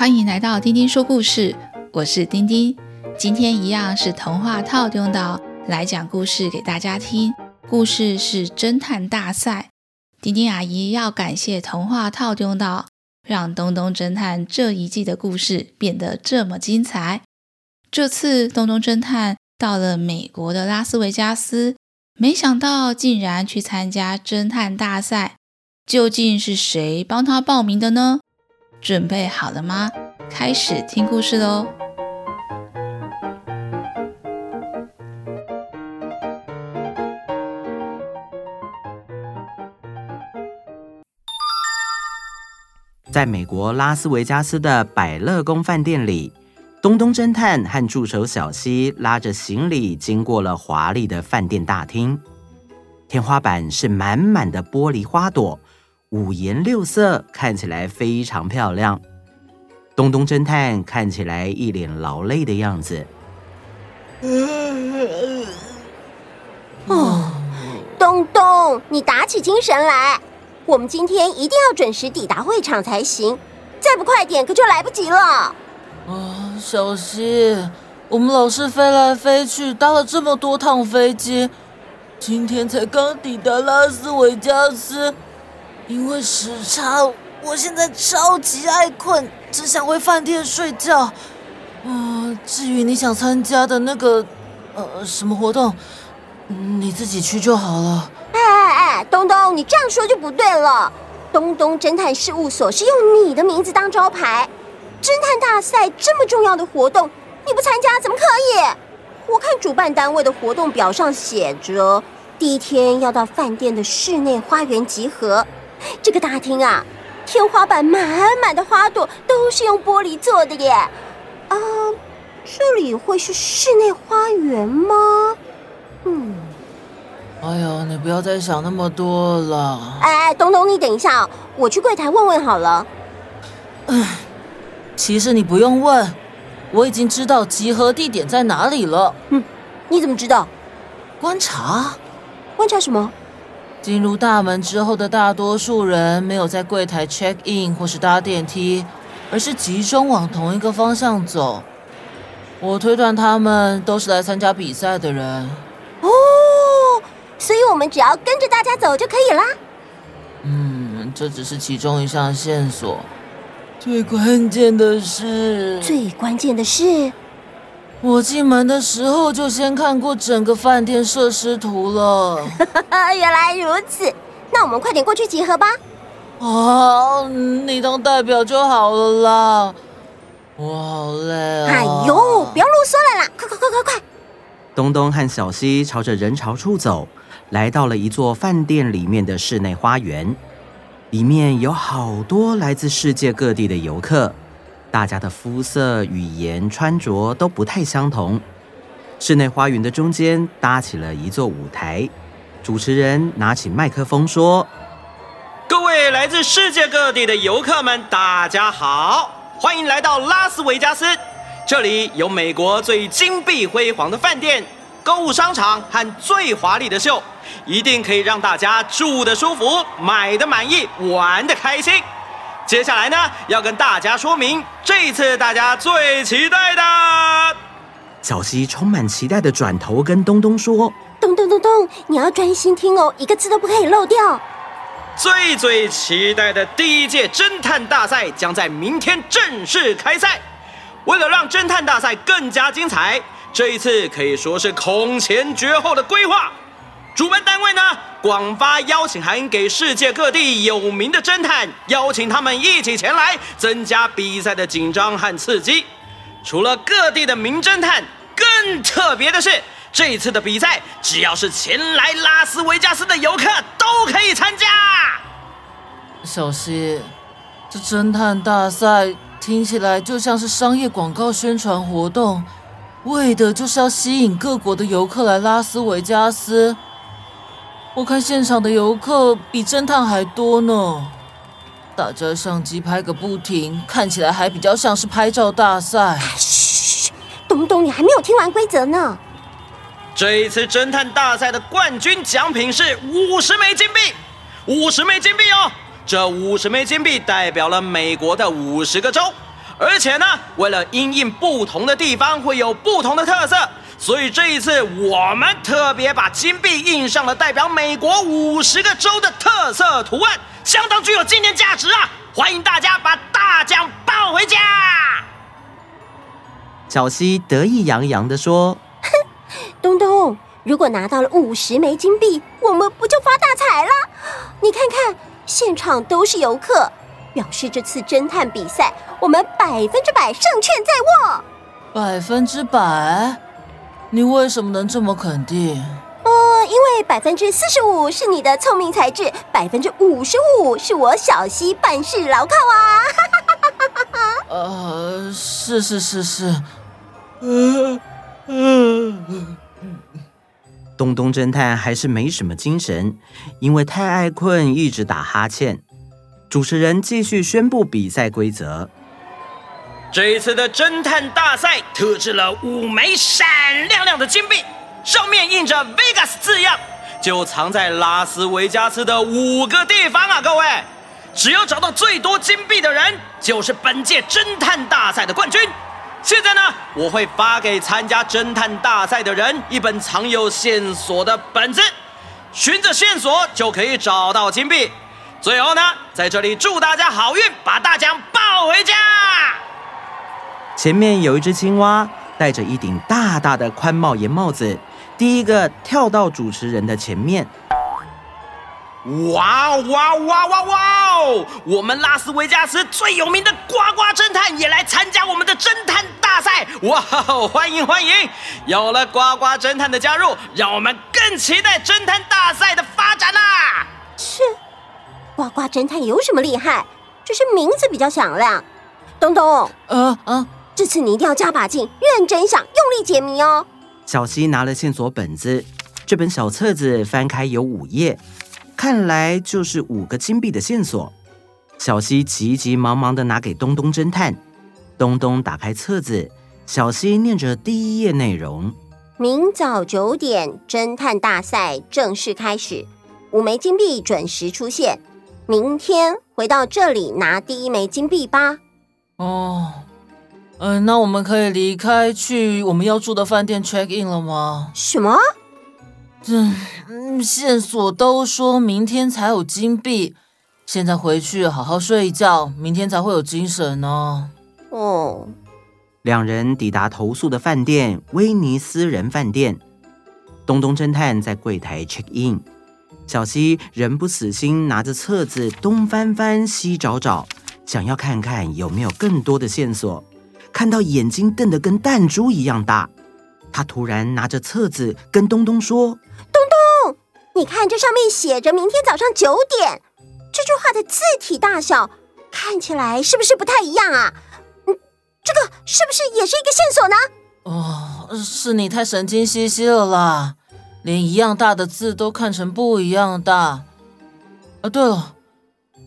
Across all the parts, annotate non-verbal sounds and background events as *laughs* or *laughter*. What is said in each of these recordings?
歡迎來到丁丁說故事，我是丁丁，今天一樣是童話透中島來講故事給大家聽。故事是偵探大賽，丁丁阿姨要感謝童話透中島，讓東東偵探這一季的故事變得這麼精彩。這次東東偵探到了美國的拉斯維加斯，沒想到竟然去參加偵探大賽，究竟是誰幫他報名的呢？準備好了嗎？開始聽故事嘍！在美國拉斯維加斯的百樂宮飯店裡，東東偵探和助手小西拉着行李，經過了華麗的飯店大廳。天花板是滿滿的玻璃花朵。五顏六色，看起來非常漂亮。東東偵探看起來一臉勞累的樣子。嗯嗯、哦，東東，你打起精神來，我們今天一定要準時抵達會場才行。再不快點，可就來不及了。啊、哦，小溪，我們老是飛來飛去，搭了這麼多趟飛機，今天才剛抵達拉斯維加斯。因為時差，我現在超級愛困，只想回飯店睡覺。嗯，呃，至於你想參加的那個，呃，什麼活動，你自己去就好了。哎哎哎，東東，你這樣說就不對了。東東偵探事務所是用你的名字當招牌，偵探大賽這麼重要的活動，你不參加怎麼可以？我看主辦單位的活動表上寫着，第一天要到飯店的室內花園集合。這個大廳啊，天花板滿滿的花朵都是用玻璃做的耶。啊，這裡會是室內花園嗎？嗯。哎呦，你不要再想那麼多了。哎哎，東東，你等一下哦，我去櫃檯問問好了。嗯，其實你不用問，我已經知道集合地點在哪裡了。嗯，你怎麼知道？觀察？觀察什麼？進入大門之後的大多數人沒有在櫃檯 check in 或是搭電梯，而是集中往同一個方向走。我推斷他們都是來參加比賽的人。哦，所以我們只要跟着大家走就可以了。嗯，這只是其中一項線索。最關鍵的是。最關鍵的是。我進門的時候就先看過整個飯店設施圖了。 *laughs* 原來如此，那我們快點過去集合吧。哦，你當代表就好了啦。我好累啊。哎呦，不要囉嗦了啦！快快快快快！東東和小西朝着人潮處走，來到了一座飯店裡面的室內花園，裡面有好多來自世界各地的遊客。大家的膚色、語言、穿着都不太相同。室內花園的中間搭起了一座舞台，主持人拿起麥克風說：“各位來自世界各地的遊客們，大家好，歡迎來到拉斯維加斯。這裡有美國最金碧輝煌的飯店、購物商場和最華麗的秀，一定可以讓大家住得舒服、買得滿意、玩得開心。”接下來呢，要跟大家說明，這一次大家最期待的。小西充滿期待的轉頭跟東東說：“東東東東，你要專心聽哦，一個字都不可以漏掉。最最期待的第一屆偵探大賽將在明天正式開賽。為了讓偵探大賽更加精彩，這一次可以說是空前絕後的規劃。”主辦單位呢，廣發邀請函給世界各地有名的偵探，邀請他們一起前來，增加比賽的緊張和刺激。除了各地的名偵探，更特別的是，這次的比賽只要是前來拉斯維加斯的遊客都可以參加。小溪，這偵探大賽聽起來就像是商業廣告宣傳活動，為的就是要吸引各國的遊客來拉斯維加斯。我看現場的遊客比偵探還多呢，大家相機拍個不停，看起來還比較像是拍照大賽。噓、哎，東東，你還沒有聽完規則呢。這一次偵探大賽的冠軍獎品是五十枚金幣，五十枚金幣哦。這五十枚金幣代表了美國的五十個州，而且呢，為了因應不同的地方，會有不同的特色。所以這一次，我們特別把金幣印上了代表美國五十個州的特色圖案，相當具有紀念價值啊！歡迎大家把大獎抱回家。小希得意洋洋地說：“哼，東東，如果拿到了五十枚金幣，我們不就發大財了？你看看，現場都是遊客，表示這次偵探比賽我們百分之百勝券在握，百分之百。”你為什麼能這麼肯定？哦，因為百分之四十五是你的聰明才智，百分之五十五是我小溪辦事牢靠啊！哈 *laughs* ，呃，是是是是。嗯嗯嗯， *laughs* 東東偵探還是沒什麼精神，因為太愛困，一直打哈欠。主持人繼續宣布比賽規則。這一次的偵探大賽特制了五枚閃亮亮的金幣，上面印着 “Vegas” 字樣，就藏在拉斯維加斯的五個地方啊！各位，只要找到最多金幣的人，就是本屆偵探大賽的冠軍。現在呢，我會發給參加偵探大賽的人一本藏有線索的本子，循着線索就可以找到金幣。最後呢，在這裡祝大家好運，把大獎抱回家！前面有一隻青蛙，戴着一頂大大的寬帽檐帽子，第一個跳到主持人的前面。哇哇哇哇哇！我們拉斯維加斯最有名的呱呱偵探也來參加我們的偵探大賽！哇，歡迎歡迎！有了呱呱偵探的加入，讓我們更期待偵探大賽的發展啦！切，呱呱偵探有什麼厲害？只是名字比較響亮。東東，嗯嗯、呃。呃這次你一定要加把勁，認真想，用力解謎哦。小西拿了線索本子，這本小冊子翻開有五頁，看來就是五個金幣的線索。小西急急忙忙地拿給東東偵探。東東打開冊子，小西念着第一頁內容：明早九點，偵探大賽正式開始，五枚金幣準時出現。明天回到這裡拿第一枚金幣吧。哦。Oh. 嗯，那我們可以離開，去我們要住的飯店 check in 了嗎？什麼？嗯，線索都說明天才有金幣，現在回去好好睡一覺，明天才會有精神呢。哦。哦。兩人抵達投宿的飯店——威尼斯人飯店。東東偵探在櫃檯 check in，小西仍不死心，拿着冊子東翻翻，西找找，想要看看有沒有更多的線索。看到眼睛瞪得跟彈珠一樣大，他突然拿着冊子跟東東說：“東東，你看這上面寫着‘明天早上九點’這句話的字體大小，看起來是不是不太一樣啊？嗯，這個是不是也是一個線索呢？”哦，是你太神經兮兮了啦，連一樣大的字都看成不一樣大。啊，對了。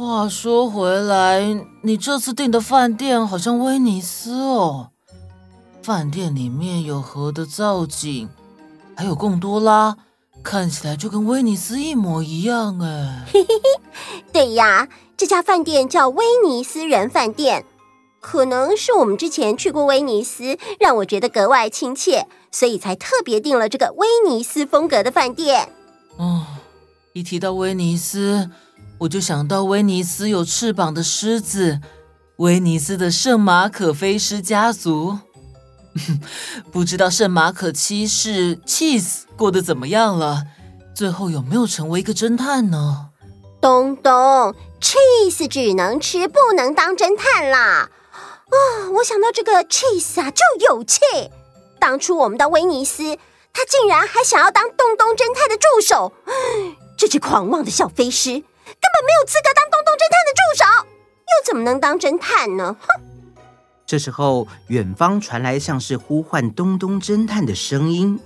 話說回來，你這次訂的飯店好像威尼斯哦。飯店裡面有河的造景，還有貢多拉，看起來就跟威尼斯一模一樣哎。嘿嘿嘿，對呀，這家飯店叫威尼斯人飯店。可能是我們之前去過威尼斯，讓我覺得格外親切，所以才特別訂了這個威尼斯風格的飯店。哦，一提到威尼斯。我就想到威尼斯有翅膀的獅子，威尼斯的聖馬可飛獅家族。哼，不知道聖馬可七世 Cheese 過得怎麼樣了，最後有沒有成為一個偵探呢？東東 Cheese 只能吃，不能當偵探啦。啊、哦，我想到這個 Cheese 啊就有氣，當初我們到威尼斯，他竟然還想要當東東偵探的助手，這只狂妄的小飛獅。根本沒有資格當東東偵探的助手，又怎麼能當偵探呢？哼！這時候，遠方傳來像是呼喚東東偵探的聲音：“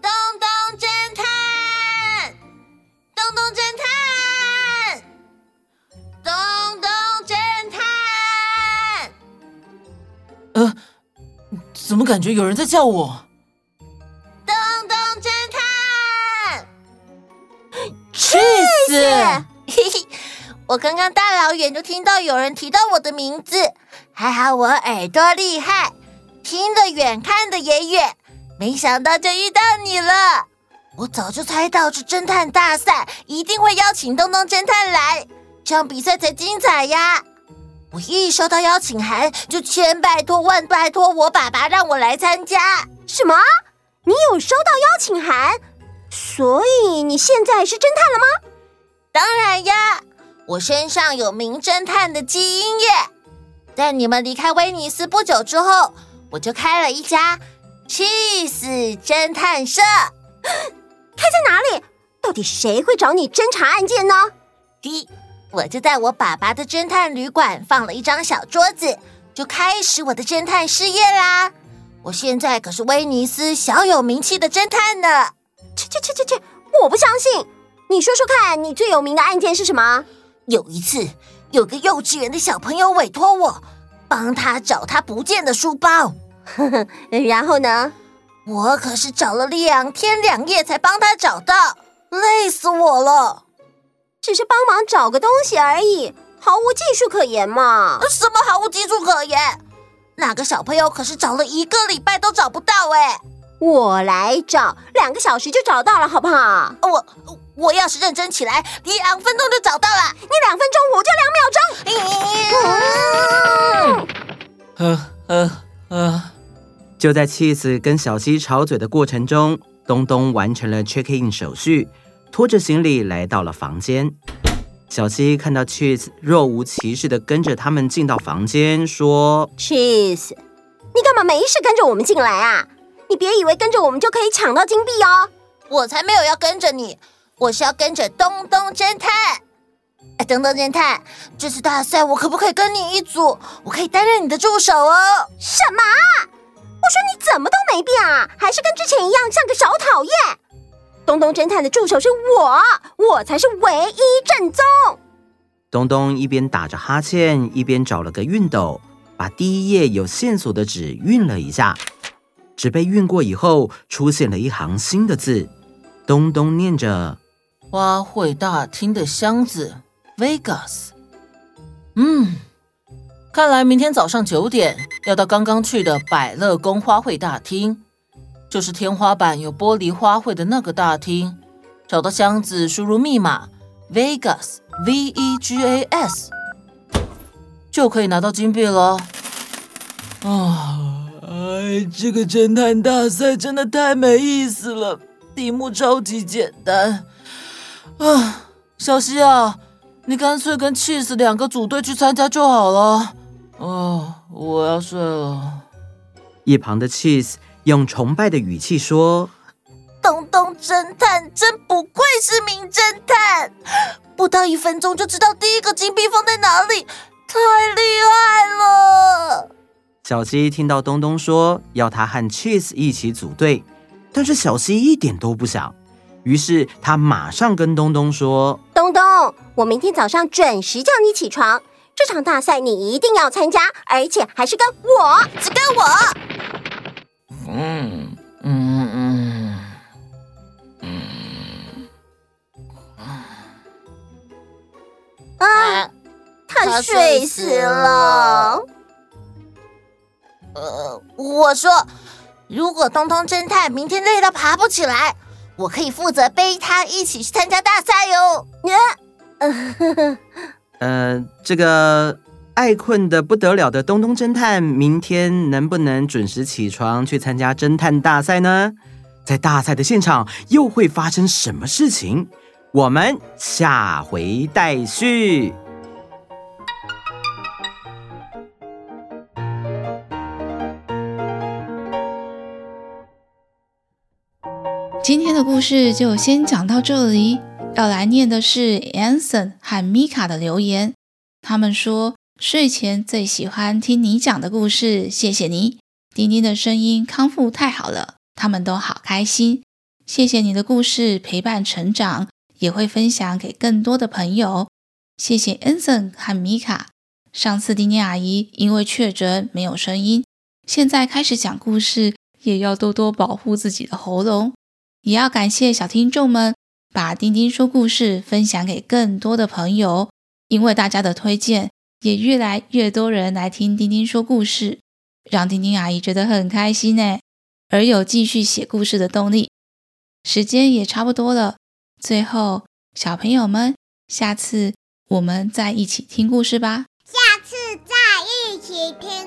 東東偵探，東東偵探，東東偵探。”呃，怎麼感覺有人在叫我？我剛剛大老遠就聽到有人提到我的名字，還好我耳朵厲害，聽得遠，看得也遠。沒想到就遇到你了。我早就猜到這偵探大賽一定會邀請東東偵探來，這樣比賽才精彩呀。我一收到邀請函，就千拜托萬拜托我爸爸讓我來參加。什麼？你有收到邀請函，所以你現在是偵探了嗎？當然呀。我身上有名偵探的基因耶，在你們離開威尼斯不久之後，我就開了一家“氣死偵探社”。開在哪裡？到底誰會找你偵查案件呢？第一，我就在我爸爸的偵探旅館放了一張小桌子，就開始我的偵探事業啦。我現在可是威尼斯小有名氣的偵探呢。去去去去去！我不相信，你說說看你最有名的案件是什麼？有一次，有個幼稚園的小朋友委托我幫他找他不見的書包， *laughs* 然後呢，我可是找了兩天兩夜才幫他找到，累死我了。只是幫忙找個東西而已，毫無技術可言嘛。什麼毫無技術可言？那個小朋友可是找了一個禮拜都找不到誒，哎，我來找，兩個小時就找到了，好不好？我。我我要是認真起來，你兩分鐘就找到了。你兩分鐘，我就兩秒鐘。嗯嗯嗯。啊啊啊、就在 Cheese 跟小西吵嘴的過程中，東東完成了 check in 手續，拖着行李來到了房間。小西看到 Cheese 若無其事的跟着他們進到房間，說：“Cheese，你幹嘛沒事跟着我們進來啊？你別以為跟着我們就可以搶到金幣哦！我才沒有要跟着你。”我是要跟着東東偵探，哎，東東偵探，這次大賽我可不可以跟你一組？我可以擔任你的助手哦。什麼？我說你怎麼都沒變啊？還是跟之前一樣，像個小討厭。東東偵探的助手是我，我才是唯一正宗。東東一邊打着哈欠，一邊找了個熨斗，把第一頁有線索的紙熨了一下。紙被熨過以後，出現了一行新的字。東東念着。花卉大廳的箱子，Vegas。嗯，看來明天早上九點要到剛剛去的百樂宮花卉大廳，就是天花板有玻璃花卉的那個大廳，找到箱子，輸入密碼，Vegas，V E G A S，就可以拿到金幣了。啊，哎，這個偵探大賽真的太沒意思了，題目超級簡單。啊，小西啊，你乾脆跟 Cheese 兩個組隊去參加就好了。哦、啊，我要睡了。一旁的 Cheese 用崇拜的語氣說：“東東偵探真不愧是名偵探，不到一分鐘就知道第一個金幣放在哪裡，太厲害了。”小西聽到東東說要他和 Cheese 一起組隊，但是小西一點都不想。於是他馬上跟東東說：“東東，我明天早上準時叫你起床。這場大賽你一定要參加，而且還是跟我，只跟我。”嗯嗯嗯嗯嗯啊，啊他睡死了。死了。呃，我說，如果東東偵探明天累到爬不起來。我可以負責背他一起去參加大賽喲。 *laughs* 呃，這個愛困得不得了的東東偵探，明天能不能準時起床去參加偵探大賽呢？在大賽的現場又會發生什麼事情？我們下回待續。今天的故事就先講到這裡。要來念的是 Anson 和 Mika 的留言，他們說睡前最喜歡聽你講的故事，謝謝你。丁丁的聲音康復太好了，他們都好開心。謝謝你的故事陪伴成長，也會分享給更多的朋友。謝謝 Anson 和 Mika。上次丁丁阿姨因為確診沒有聲音，現在開始講故事也要多多保護自己的喉嚨。也要感謝小聽眾們把《丁丁說故事》分享給更多的朋友，因為大家的推薦，也越來越多人來聽《丁丁說故事》，讓丁丁阿姨覺得很開心呢，而有繼續寫故事的動力。時間也差不多了，最後小朋友們，下次我們再一起聽故事吧。下次再一起聽。